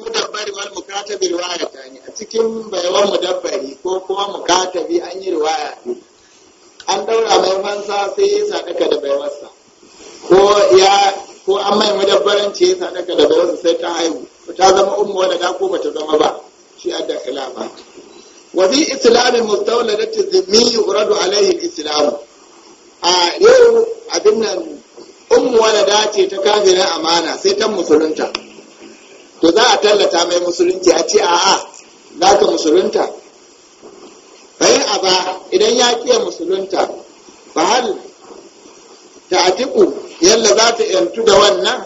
mudabbari wal mukatabi riwaya tani a cikin bayawan mudabbari ko kuma mukatabi an yi riwaya an daura mai fansa sai ya sadaka da baiwarsa ko ya ko an mai ce ya sadaka da baiwarsa sai ta haihu ta zama ummu wala da ko bata zama ba shi adda khilafa wa fi islamin mustawladati zimmi yuradu alaihi alislam a yau abin nan ummu wala ce ta kafirin amana sai ta musulunta to za a tallata mai musulunci a ce a'a za ka musulunta bayan a ba idan ya kiya musulunta ba hal ta atiku yalla za ta yantu da wannan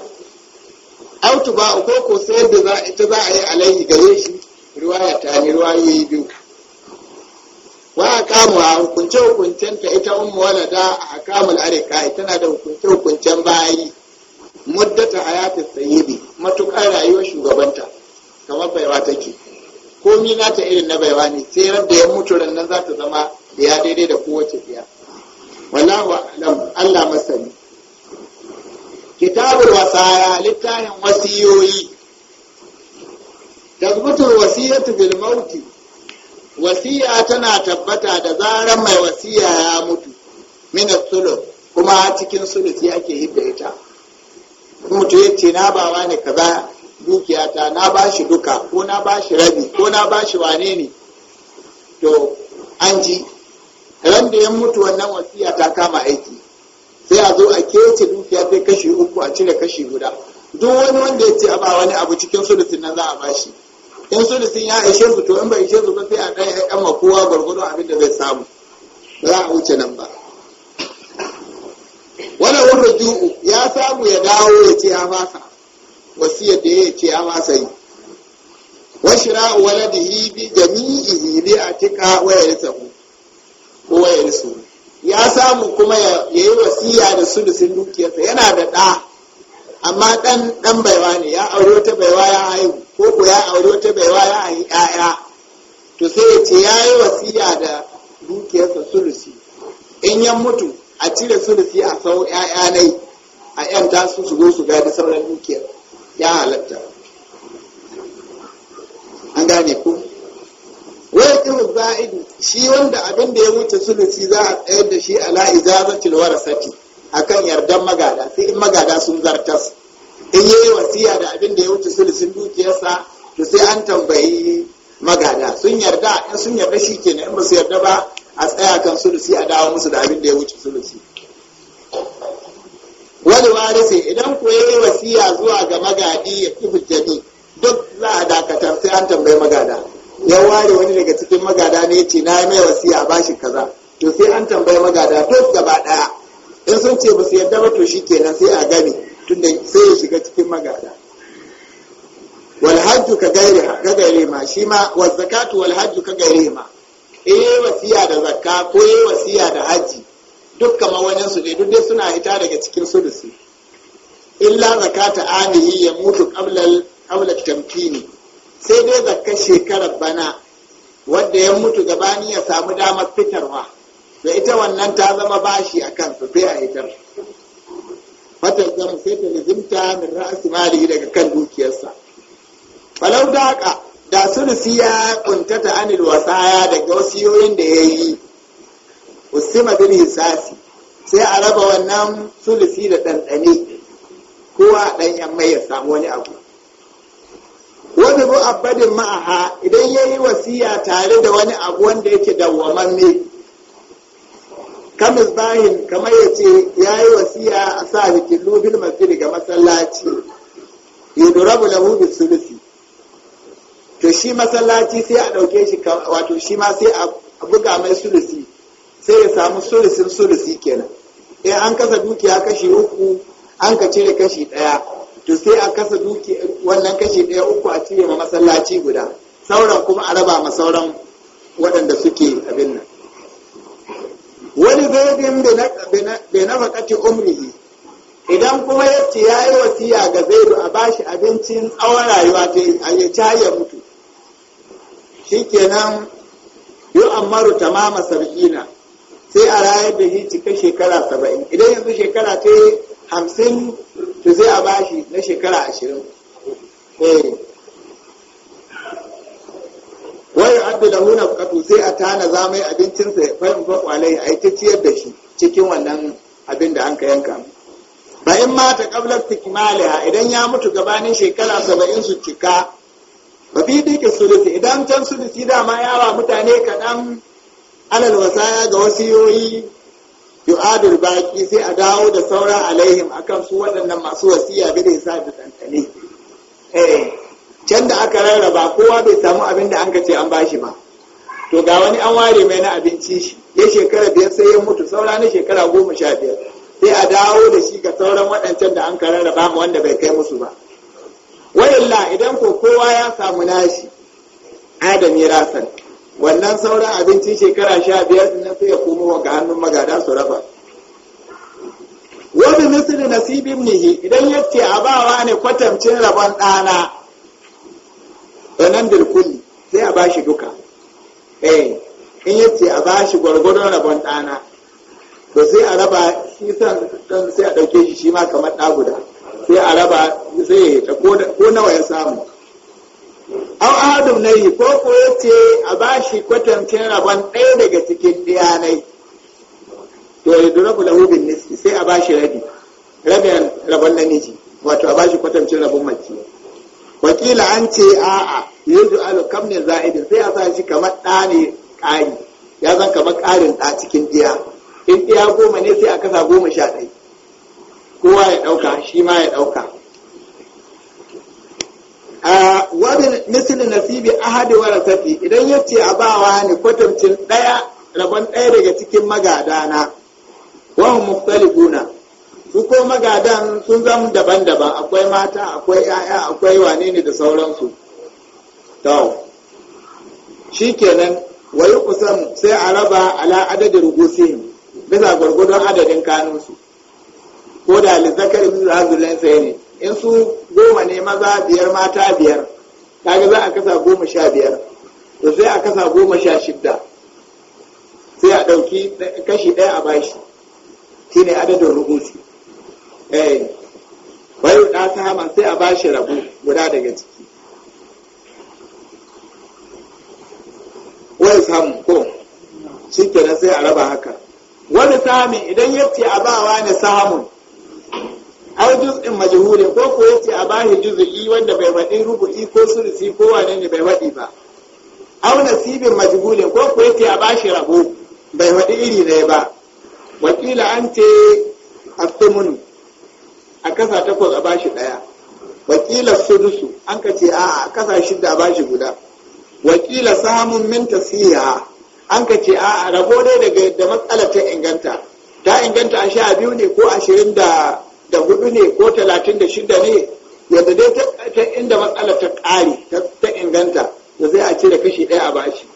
autu ba ko ko sai da ita za a yi alaihi gare shi riwaya ta ne riwayoyi biyu wa kamu a hukunce hukuncen ta ita ummu da a kamul arika tana da hukunce hukuncen bayi muddata hayatin sayyibi matuƙar rayuwar shugabanta kamar baiwa take komi nata irin na baiwa ne sai ran da ya mutu rannan za ta zama da ya daidai da kowace biya wallahu alam Allah masani kitabul wasaya littafin wasiyoyi tazbutul wasiyatu bil mauti wasiya tana tabbata da zarar mai wasiya ya mutu min sulus kuma cikin sulusi ake hidda ita mutu ya ce na bawa ne kaza dukiyata na ba shi duka ko na ba shi rabi ko na ba shi wane ne to an ji ran da ya mutu wannan wasiya ta kama aiki sai a zo a kece dukiya sai kashi uku a cire kashi guda duk wani wanda ya ce a ba wani abu cikin sulusin nan za a ba shi in sulusin ya ishe su to in bai ishe su ba sai a ɗaya ya kowa gwargwado abin da zai samu ba za a wuce nan ba wani wata ju'u ya samu ya dawo ya ce ya masa wasiyar da ya ce ya masa yi wa shira'u waladihi bi a cika atika wa yarithu ko wayar su ya samu kuma ya yi wasiya da sun dukiyarsa yana da ɗa amma ɗan ɗan baiwa ne ya aure ta baiwa ya haihu ko ko ya aure ta baiwa ya haihu 'ya'ya. to sai ya ce ya yi wasiya da dukiyarsa sulusi in ya mutu a cire sulusi a sau 'ya'yanai, a ‘yanta su su zo su gadi sauran dukiyar ya halatta an gane ku wai irin za'idu shi wanda abin da ya wuce sulusi za a tsayar da shi ala sati a kan yardan magada sai in magada sun zartas in yi wasiya da abin da ya wuce sulusin dukiyarsa to sai an tambayi magada sun yarda in sun yarda shi kenan in ba su yarda ba a tsaya kan sulusi a dawo musu da abin da ya wuce sulusi wani warisi idan ku yi wasiya zuwa ga magadi ya fi hujjani duk za a dakatar sai an tambayi magada ya ware wani daga cikin magada ne ce na yi mai wasiya a shi kaza to sai an tambayi magada duk gaba ɗaya. in sun ce ba su yarda ba to shikenan sai a gani tunda sai ya shiga cikin magada wal hajju ka gairi ma shi ma Wasu zakatu wal hajju ka gairi ma eh wasiya da zakka ko eh wasiya da haji duk kama wajen su ne duk dai suna hita daga cikin su sudusi illa zakata anihi ya mutu tamki tamkini sai dai zakka shekarar bana wanda ya mutu gabani ya samu damar fitarwa da ita wannan ta zama bashi a kansa sai a hitar fatar zamu sai ta lizimta min ra'asi mali daga kan dukiyarsa falau da sulusi ya kuntata anil wasaya daga wasiyoyin da ya yi usima bil hisasi sai a raba wannan sulusi da ɗanɗane kowa ɗan yan mai ya samu wani abu wani bu abadin ma'aha idan ya yi wasiya tare da wani abu wanda yake dawwamamme kamis bahin kamar ya ce ya yi wasiya a sa hikin bil masjid ga masallaci rabu lahu bis sulusi shi masallaci sai a ɗauke shi wato shi ma sai a buga mai sulusi sai ya samu sulusin sulusi kenan in an kasa dukiya kashi uku an ka cire kashi ɗaya to sai a kasa dukiya wannan kashi ɗaya uku a cire ma masallaci guda sauran kuma a raba ma sauran waɗanda suke abin nan wani zaidin bai na faƙaci umrihi idan kuma yace ya yi wasiya ga zaidu a bashi abincin tsawon rayuwa ta yi a ya mutu shikenan yu ammaru tamama sab'ina sai a raye da shi cika shekara saba'in idan yanzu shekara ta hamsin to sai a bashi na shekara ashirin eh. Wai abu da huna kato sai a tana zamai abincinsa ya fahimta kwakwalai a yi ta ciyar da shi cikin wannan abin da an ka yanka ba in mata kablar tikimaliha idan ya mutu gabanin shekara saba'in su cika ba idan can sulusi dama yawa mutane kaɗan alal wasaya ga wasiyoyi yu'adul baki sai a dawo da saura alaihim akan su waɗannan masu wasiya bi da sa da tantane eh, can da aka rarraba kowa bai samu abin da an ka ce an bashi ba to ga wani an ware mai na abinci shi ya shekara biyar sai ya mutu saura na shekara goma sha biyar sai a dawo da shi ga sauran waɗancan da an ka rarraba mu wanda bai kai musu ba wayalla idan ko kowa ya samu nashi adam ya rasar wannan sauran abinci shekara sha biyar na sai ya komo ga hannun magada su raba wani misali nasibin nihi idan ya ce a bawa ne kwatamcin rabon ɗana nan bilkulli sai a ba shi duka eh in ya a ba shi gwargwadon rabon ɗana to sai a raba shi san sai a ɗauke shi shi ma kamar ɗa guda sai a raba sai ta ko nawa ya samu au adam na yi ko ko ce a ba shi kwatancin rabon ɗaya daga cikin ɗiyanai to ya durabu lahu bin nisfi sai a ba shi rabi rabin rabon namiji wato a ba shi kwatancin rabon mace wakila an ce a'a yanzu alu kam ne za'idin sai a sa shi kamar ɗa ne ƙari ya zan kamar ƙarin ɗa cikin ɗiya in ɗiya goma ne sai a kasa goma sha ɗaya kowa ya ɗauka shi ma ya ɗauka a wani misali nasibi ahadi wa rasati idan ya ce a bawa ne kwatancin ɗaya rabon ɗaya daga cikin magadana wahun muftalifuna su ko magadan sun zama daban-daban akwai mata akwai 'ya'ya akwai wane ne da sauransu to shi kenan wayi kusan sai a raba ala adadin rugusihim bisa gwargwadon adadin kanunsu ko da lizakar yanzu da hazulin sai ne in su goma ne maza biyar mata biyar kaga za a kasa goma sha biyar to sai a kasa goma sha shidda sai a ɗauki kashi ɗaya a bashi shi ne adadin rubutu eh bayu ɗa ta hama sai a bashi rabu guda daga ciki wai samun ko shi kenan sai a raba haka wani samun idan yake a bawa ne samun au juz'in majhulin ko ko yace a bahi juz'i wanda bai wadi rubu'i ko sulusi ko wane ne bai wadi ba au nasibin majhulin ko ko yace a bashi rabo bai wadi iri ne ba wakila an ce asumun a kasa takwas a bashi ɗaya wakila sudusu an ka ce a kasa shidda a bashi guda wakila samun min tasiya an ka ce a rabo dai daga da matsala ta inganta ta inganta a sha biyu ne ko ashirin da hudu ne ko talatin da shida ne yadda dai ta inda matsala ta ƙari ta inganta da zai a cire kashi ɗaya a bashi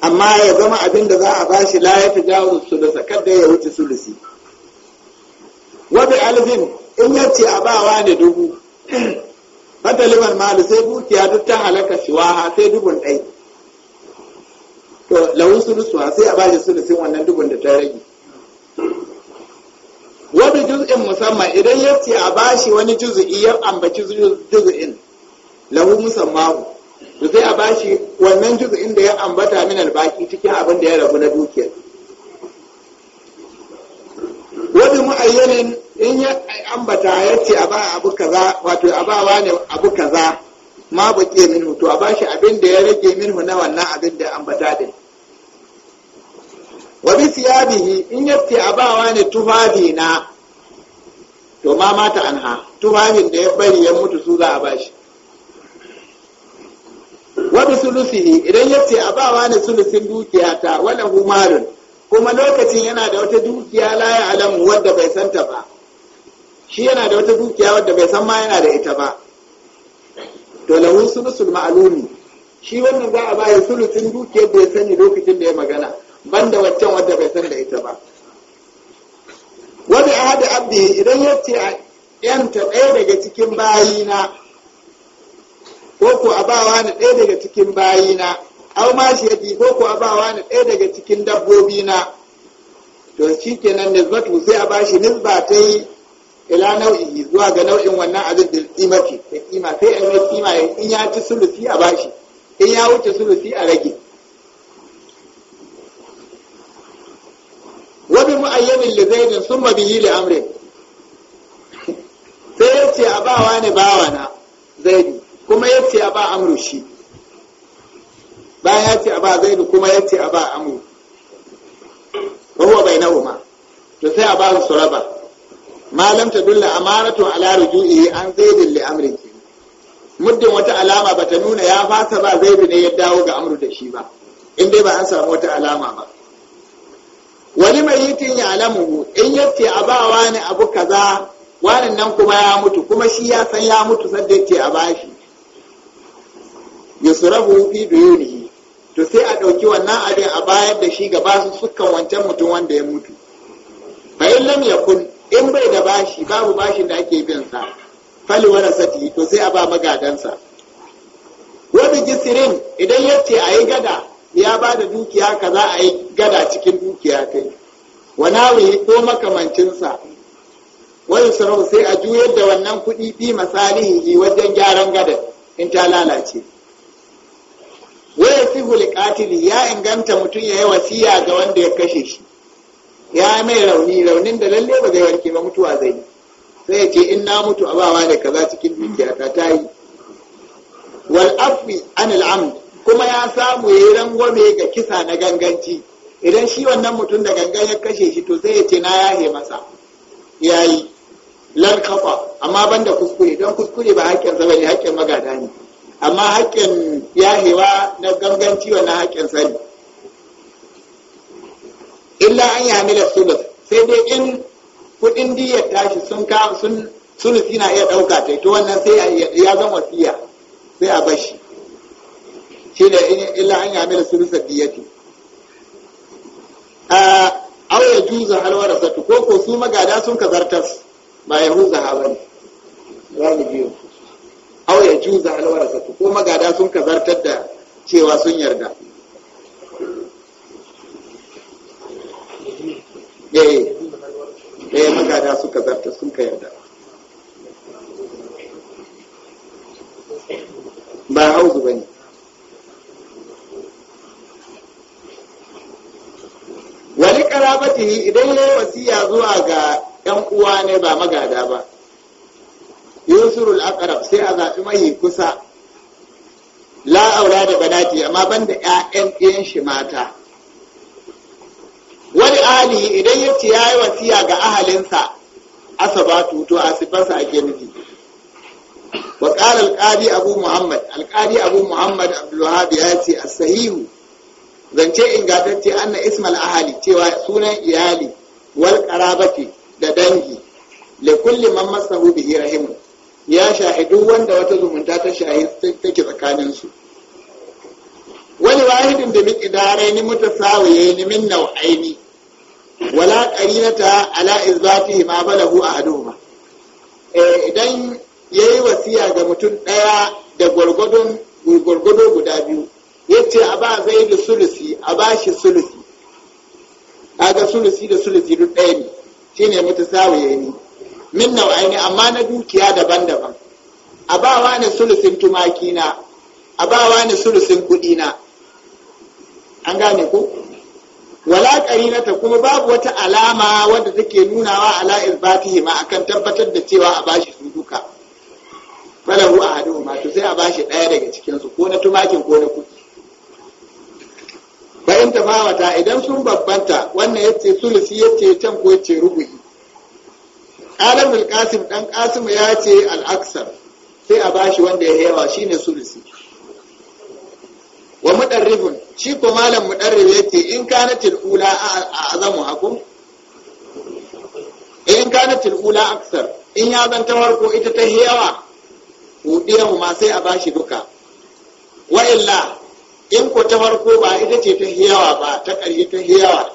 amma ya zama abin da za a bashi la ya da sakar da ya wuce sulusi wabi alzin alfin in yace a bawa ne dubu fata liman sai dukiya duk ta halaka shiwaha sai dubun ɗaya. to su a sai a ba shi sulusin wannan dubun da ta rage wani juz'in musamman idan ya ce a ba shi wani juz'i ya ambaci juz'in lahu musammahu to sai a ba shi wannan juz'in da ya ambata min albaki cikin abin da ya rabu na dukiyar wani mu'ayyanin in ya ambata ya ce a ba abu kaza wato a ba wani abu kaza ma baƙi minhu to a bashi abin da ya rage minhu na wannan abin da ambata da wa bi siyabihi in yafti abawa ne tufafi na to ma mata anha tufafin da ya bari ya mutu su za a bashi wa bi sulusihi idan yafti abawa ne sulusin dukiyata wala hu malun kuma lokacin yana da wata dukiya la ya alamu wadda bai santa ba shi yana da wata dukiya wadda bai san ma yana da ita ba to lahu sulusul ma'lumi shi wannan za a bayar sulucin duk dukiyar da ya sani lokacin da ya magana banda waccan wadda bai san da ita ba wani ahadi abdi idan ya ce a yanta ɗaya daga cikin bayina ko ko a bawa ni ɗaya daga cikin bayina au ma shi yadi ko ko a bawa ni ɗaya daga cikin dabbobina to shi kenan nisbatu sai a bashi nisba ta yi ila nau'i zuwa ga nau'in wannan abin da kimati da kima sai a mai kima ya in ya ci sulusi a bashi in ya wuce sulusi a rage wa bi mu'ayyanin li zaidin summa bihi li amri sai ya ce a bawa ne bawa na zaidi kuma ya ce a ba amru shi bayan ya ce a ba zaidi kuma ya ce a ba amru wa huwa bainahuma to sai a ba su raba malam ta dulla amaratu ala rujuihi an zaidin li amrihi muddin wata alama bata nuna ya fasa ba zaidu ne ya dawo ga amru da shi ba in dai ba an samu wata alama ba wani mai yitin ya alamu in yace a ba wani abu kaza wani nan kuma ya mutu kuma shi ya san ya mutu sadda yace a bashi yusrafu fi duyunihi to sai a ɗauki wannan abin a bayar da shi ga basu sukan wancan mutum wanda ya mutu fa lam yakun in bai da bashi babu bashin da ake bin sa fali sati, to sai a ba magadansa wani gisirin idan ya ce a yi gada ya ba da dukiya ka za a yi gada cikin dukiya kai wani ko makamancinsa wani sarau sai a juyar da wannan kuɗi bi masalihi wajen gyaran gadan in ta lalace waya sihul katili ya inganta mutum ya yi wasiya ga wanda ya kashe shi ya mai rauni raunin da lalle ba zai warke ba mutuwa zai sai ya ce in na mutu a bawa da kaza cikin dukiya ta ta yi wal afi an al'amd kuma ya samu ya yi rangwame ga kisa na ganganci idan shi wannan mutum da gangan ya kashe shi to sai ya ce na yahe masa Ya yi lal kafa amma banda kuskure don kuskure ba hakkin sa bane hakkin magada ne amma hakkin yahewa na ganganci na hakkin sani ne illa an ya mila sulus sai dai in kudin diyar tashi sun ka sun sulusi na iya ɗauka ta to wannan sai ya zan wasiya sai a bashi shi da illa an ya mila sulusa diyati a au ya juza halwara satu ko ko su magada sun kazartas ba ya huza ha bane za mu biyo au ya juza halwara satu ko magada sun kazartar da cewa sun yarda eh eh magada suka zarta sun ka yarda ba hauzu ba ne wani karabatihi idan ya wasiya zuwa ga yan uwa ne ba magada ba yusurul aqrab sai a zaɓi mahi kusa la aura da banati amma banda da 'ya'yan shi mata wani alihi idan ya ce ya yi wasiya ga ahalinsa asabatu to asibansa ake nufi wa qala alqadi abu muhammad alqadi abu muhammad abdul ya ce a sahihu zance ingantacce anna ismal ahali cewa sunan iyali wal ce, da dangi li kulli man masahu bihi rahimu ya shahidu wanda wata zumunta ta shahi take tsakanin su wani wahidin da miqdaraini ni min nau'aini wala qarinata ala izbatihi ma balahu ahaduhuma eh idan yayi wasiya ga mutum daya da gwargwadon gwargwado guda biyu yace a ba zai da sulusi a ba shi sulusi kaga sulusi da sulusi duk ɗaya ne shine mutasawiye ne min ne amma na dukiya daban-daban a ba wa ne sulusin tumaki na a ba wa ne sulusin kudi na an gane ko wala qarinata kuma babu wata alama wadda take nunawa ala ma akan tabbatar da cewa a bashi su duka ahadu ma to sai a bashi daya daga cikin su ko na tumakin ko na kuɗi bayan tafawata idan sun babbanta wannan yace sulusi yace can ko yace rubuhi alamul dan qasim ya ce al aksar sai a bashi wanda ya yawa shine sulusi wa mudarrifun shi ko malam mudarrif yake in kanatil ula a azamu haku eh, in kanatil ula aksar in ya zanta farko ita ta hiyawa hudiyan ma sai a bashi duka wa illa in ko ta farko ba ita ce ta hiyawa ba ta ƙarshe ta hiyawa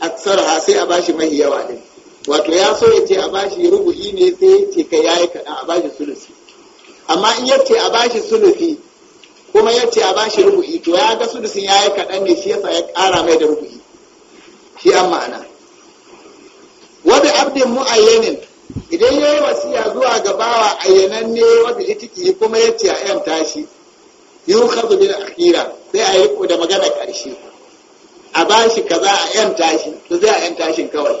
aksar ha sai a bashi mai yawa din wato ya so ya ce a bashi rubu'i ne sai ya ce ka yayi kaɗan a bashi sulusi amma in ya ce a bashi sulusi kuma ya ce a ba shi rubu'i to ya ga su da sun yayi kaɗan ne shi yasa ya ƙara mai da rubu'i shi an ma'ana wadda abdin mu'ayyanin idan ya yi wasiya zuwa ga bawa ayyanan ne wadda ciki kuma ya ce a yan tashi yi zubi da akira sai a yi da magana ƙarshe a ba shi kaza a yan tashi to sai a yan tashin kawai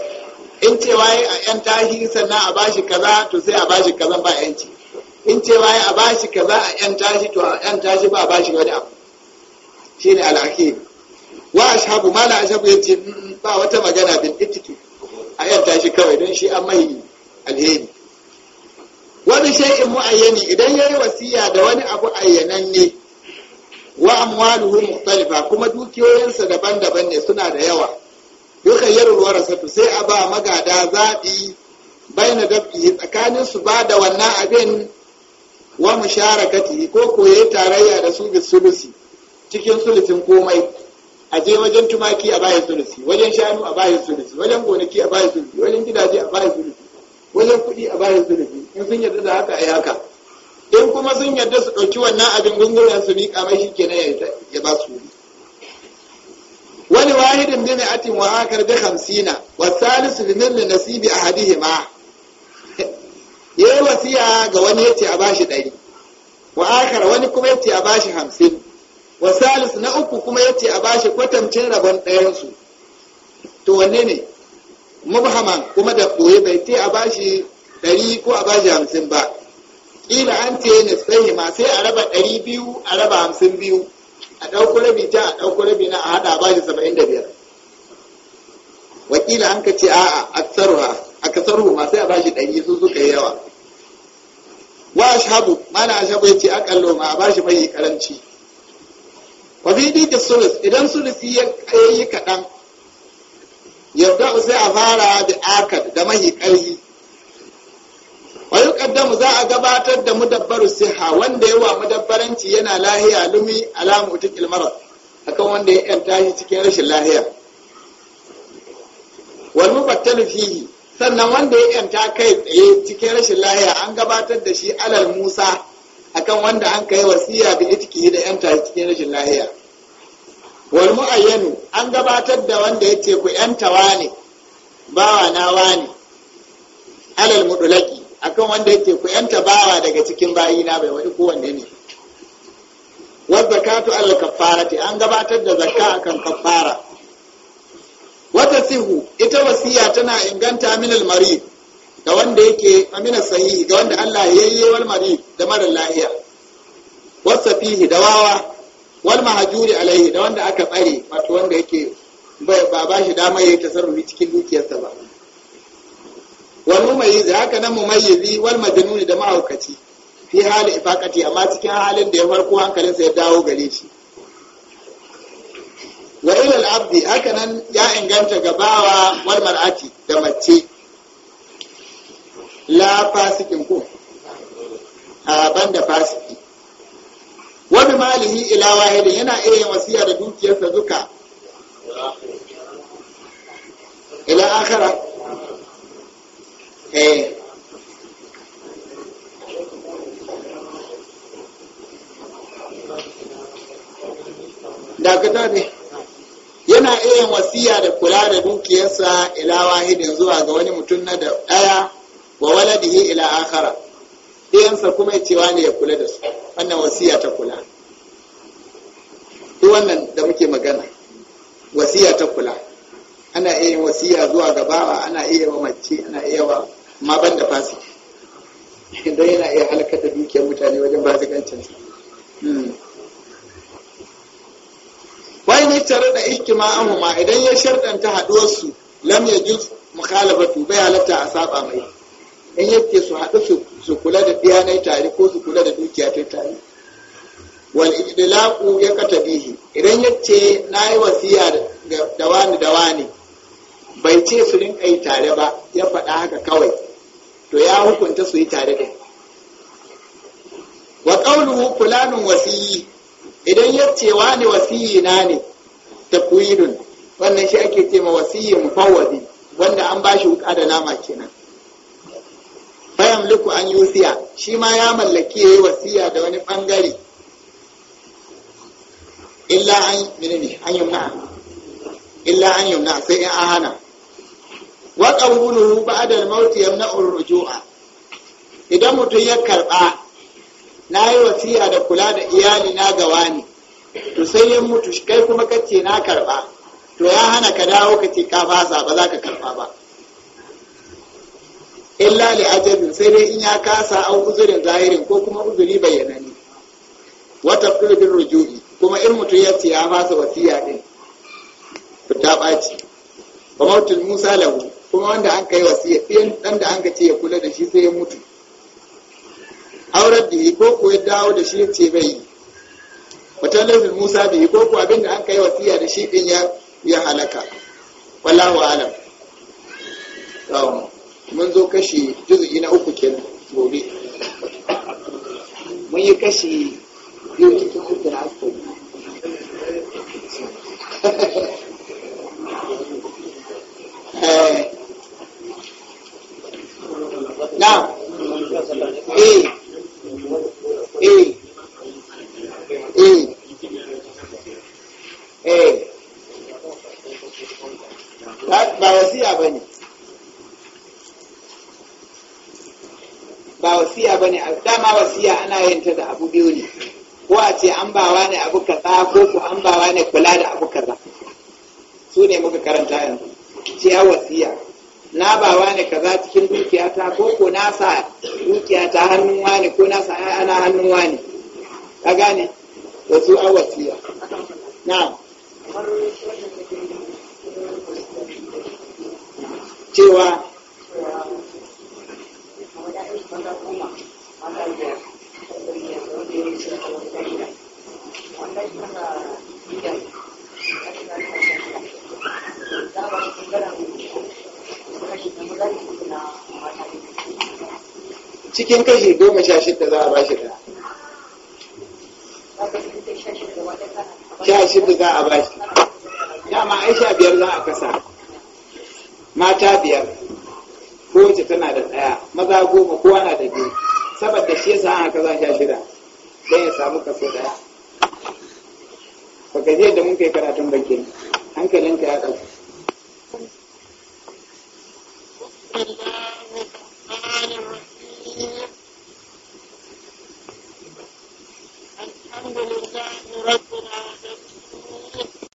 in cewa a yan tashi sannan a ba shi kaza to sai a ba shi kazan ba yanci in cewa ya a bashi kaza a yan tashi to a yan tashi ba a bashi wani abu shi ne alhakim wa ashabu ma la ashabu yace ba wata magana bin ittitu a yan tashi kawai don shi an mai alheri wani shay'in muayyani idan yayi wasiya da wani abu ayyananne wa amwaluhu mukhtalifa kuma dukiyoyinsa daban-daban ne suna da yawa yukayyarul warasatu sai a ba magada zaɓi baina dafi tsakanin su ba da wannan abin wa musharakati ko koye tarayya da su bi sulusi cikin sulusin komai a je wajen tumaki a bayan sulusi wajen shanu a bayan sulusi wajen gonaki a bayan sulusi wajen gidaje a bayan sulusi wajen kuɗi a bayan sulusi in sun yarda da haka ai haka in kuma sun yarda su ɗauki wannan abin gungunan su miƙa mai shi kenan ya ba su wani wahidin bi mi'atin wa akar bi hamsina wa salisu bi milli nasibi ahadihima ya yi wasiya ga wani ya ce a bashi ɗari wa akar wani kuma ya ce a bashi hamsin wa salis na uku kuma ya ce a bashi kwatancin rabon ɗayansu to wanne ne mubhaman kuma da ɓoye bai ce a bashi ɗari ko a bashi hamsin ba ƙila an ce sai ma sai a raba ɗari biyu a raba hamsin biyu a ɗauko rabi ta a ɗauko rabi na a haɗa a bashi saba'in da biyar wakila an ka ce a'a a ha. a kasar ma sai a ba shi ɗari sun suka yi yawa wa ashabu mala ashabu yace akallo ma a ba shi mai karanci wa ɗi dika sulus idan sulus ya yi kaɗan yabda sai a fara da akad da mai ƙarfi wa za a gabatar da mudabbaru siha wanda yawa mudabbaranci yana lahiya lumi alamu ta marad akan wanda ya yanta shi cikin rashin lahiya wal mubattalu fihi sannan wanda ya yanta kai tsaye cikin rashin lahiya an gabatar da shi alal musa akan wanda an kai wasiya da itiki da yanta cikin rashin lahiya wal mu'ayyanu an gabatar da wanda ya ce ku yanta wani bawa na wani alal mudulaki akan wanda ya ce ku yanta bawa daga cikin bayina bai wani kowanne ne wadda zakatu al kafarati an gabatar da zakka akan kafara wata sihu ita lafiya tana inganta min al-mari ga wanda yake amina sahi ga wanda Allah ya yi wal mari da mara lahiya wasafihi da wawa wal mahajuri alaihi da wanda aka tsare wato wanda yake ba ba shi dama yayi tasarrufi cikin dukiyarsa ba wal mumayyiz haka nan mumayyizi wal majnuni da mahaukaci fi hali ifaqati amma cikin halin da ya farko hankalinsa ya dawo gare shi wa ilal abdi hakanan ya inganta ga bawa wal mar'ati da mace la fasikin ko a banda fasiki wani malihi ila wahidin yana iya wasiya da dukiyarsa duka ila akhara eh da ka ne yin wasiya da kula da dukiyarsa ila wahidin zuwa ga wani mutum na da ɗaya wa waladihi ila akhara ɗayansa kuma ya cewa ne ya kula da su wannan wasiya ta kula duk wannan da muke magana wasiya ta kula ana iya yin wasiya zuwa ga bawa ana iya wa mace ana iya wa amma ishtarada ma idan ya shardanta haduwar su lam yajuz mukhalafatu bai halatta a saba mai in yake su haɗu su kula da biyanai tare ko su kula da dukiya ta tare wal idlaqu ya katabihi idan yace nayi wasiya da wani da wani bai ce su rinka yi tare ba ya faɗa haka kawai to ya hukunta su yi tare da wa qawluhu fulanun wasiyyi idan yace wani wasiyyi na ne takwirun wannan shi ake ce ma wasiyyin fawadi wanda an ba shi wuka da nama kenan Bayan luku an yusiya shi ma ya mallaki yayi wasiya da wani bangare illa an menene an yumna illa an yumna sai in an hana wa qawluhu ba'da al-maut yamna ar-rujua idan mutum ya karba nayi wasiya da kula da iyali na gawa ne to sai ya mutu kai kuma ka ce na karba to ya hana ka dawo ka ce ka fasa ba za ka karba ba illa li ajabin sai dai in ya kasa an uzurin zahirin ko kuma uzuri bayyanani wata bin rujui kuma in mutum ya ce ya fasa wasiya din ta ɓaci wa mautul musa lahu kuma wanda an kai wasiya ɗin ɗan da an ka ce ya kula da shi sai ya mutu aurar da ko ko ya dawo da shi ya ce bai yi. wata laifin musa da ko ko abin da an kai wasiya da shi din ya ya halaka wallahu alam mun zo kashi juzu'i na uku kenan gobe mun yi kashi biyu ba wasiya ba ne dama wasiya ana yin ta da abu biyu ne ko a ce an bawa ne abu kaza ko ku an bawa ne kula da abu kaza su ne muka karanta yanzu ce ciya wasiya na bawa ne kaza cikin dukiyata ko ko na sa dukiyata hannun wani ko na sa ana hannun wani ka gane da su an wasiya na cewa cikin kashi goma sha shida za a ba shi da. sha shida za a ba shi dama ai sha biyar za a kasa mata biyar kowace tana da ɗaya maza goma kowa na da biyu saboda shi yasa an kaza sha shida don ya samu kaso ɗaya ka je da mun kai karatun bakin hankalinka ya ɗauki